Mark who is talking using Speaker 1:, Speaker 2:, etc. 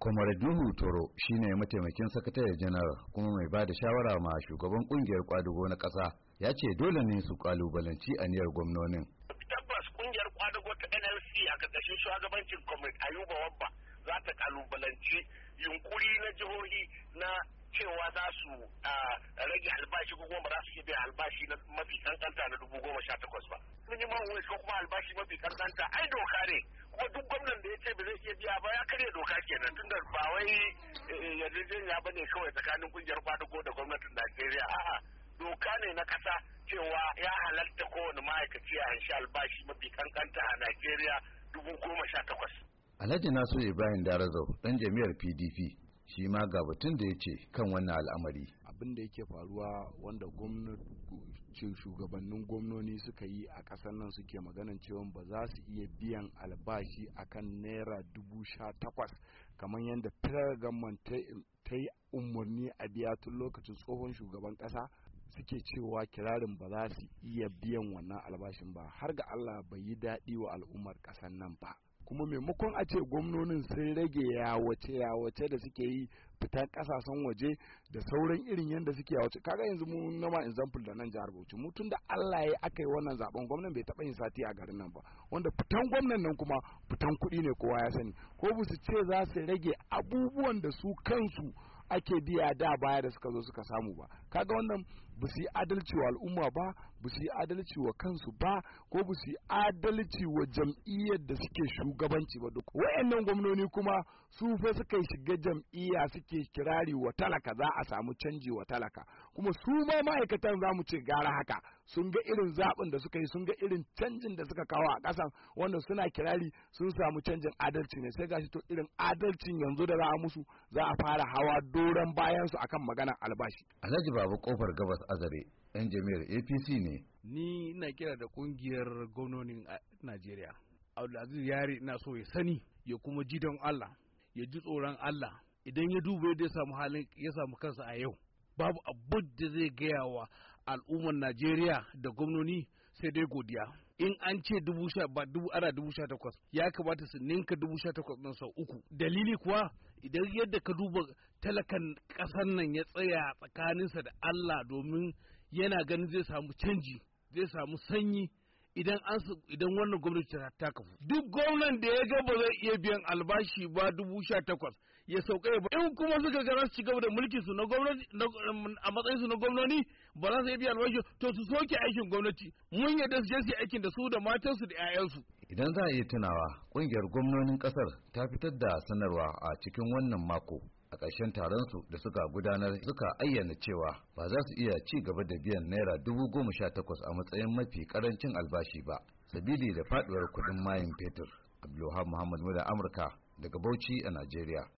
Speaker 1: Kwamar Duhu Toro shine mataimakin sakatare janar kuma mai ba da shawara ma shugaban kungiyar kwadugo na ƙasa ya ce dole ne su kalubalanci aniyar gwamnonin.
Speaker 2: Tabbas kungiyar kwadugo ta NLC a ƙarƙashin shugabancin comrade Ayuba Wabba za ta kalubalanci yunkuri na jihohi na cewa za su rage albashi ko kuma ba za su albashi na mafi kankanta na dubu goma sha takwas ba. yi wage ko kuma albashi mafi kankanta ai doka ne. kuma duk gwamnan da ya ce ba zai iya biya ba ya karya doka kenan tunda ba wai eh, yarjejeniya ba ne kawai tsakanin kungiyar kwadugo da gwamnatin najeriya a'a doka ne na kasa cewa ya halarta kowane ma'aikaci a hanshi albashi mafi kankanta a najeriya dubu goma sha takwas.
Speaker 1: alhaji nasiru ibrahim darazau dan jami'ar pdp shi ma ga batun da ya ce kan wannan al'amari.
Speaker 3: abin da yake faruwa wanda shugabannin gwamnoni suka yi a ƙasar nan suke maganan cewa ba za su iya biyan albashi akan naira dubu sha takwas kamar yadda firar ta yi umarni a biya tun lokacin tsohon shugaban ƙasa suke cewa kirarin ba za su iya biyan wannan albashin ba har ga allah bai yi daɗi wa al'ummar ƙasar nan ba kuma maimakon a ce gwamnonin sun rage yawace yawace da suke yi fita kasashen waje da sauran irin yadda suke a wace kaga yanzu mun nama example da nan jihar Bauchi mu da Allah ya aka yi wannan zaben gwamnan bai taba yin sati a garin nan ba wanda fitan gwamnan nan kuma fitan kuɗi ne kowa ya sani ko ba su ce za su rage abubuwan da su kansu ake biya da baya da suka zo suka samu ba kaga wannan ba su yi adalci wa al'umma ba ba su yi adalci wa kansu ba ko ba su yi adalci wa jam'iyyar da suke shugabanci ba duk wayannan gwamnoni kuma su fa suka shiga jam'iyya suke ke kirari wa talaka za a samu canji wa talaka kuma su ma ma'aikatan za mu ce gara haka sun ga irin zaɓin da suka yi sun ga irin canjin da suka kawo a ƙasan wanda suna kirari sun samu canjin adalci ne sai gashi to irin adalcin yanzu da za a musu za a fara hawa doron bayan su akan maganar albashi
Speaker 1: alhaji babu kofar gabas azare yan jami'ar apc ne
Speaker 3: ni ina kira da kungiyar gwamnonin najeriya abdulaziz yari ina so ya sani ya kuma ji allah ya ji tsoron allah idan ya duba yadda ya samu halin ya samu kansa a yau babu abu da zai gaya wa al'ummar najeriya da gwamnoni sai dai godiya in an ce dubu sha ba dubu ana dubu sha takwas ya kamata su ninka dubu sha takwas ɗin sau uku dalili kuwa idan yadda ka duba talakan ƙasar nan ya tsaya tsakaninsa da allah domin yana ganin zai samu canji zai samu sanyi idan an idan wannan gwamnati ta kafu duk gwamnan da ya ga ba zai iya biyan albashi ba dubu sha takwas ya sauka ba in kuma suka ga su ci gaba da mulkin su na gwamnati a matsayin su na gwamnoni ba za su iya biyan albashi to su soke aikin gwamnati mun yadda su je su aikin da su da matansu da
Speaker 1: 'ya'yansu idan za a iya tunawa ƙungiyar gwamnonin kasar ta fitar da sanarwa a cikin wannan mako a ƙarshen taron su da suka gudanar suka ayyana cewa ba za su iya ci gaba da biyan naira dubu goma sha takwas a matsayin mafi karancin albashi ba sabili da faduwar kuɗin mayin fetur abdulwahab muhammad muda amurka daga bauchi a najeriya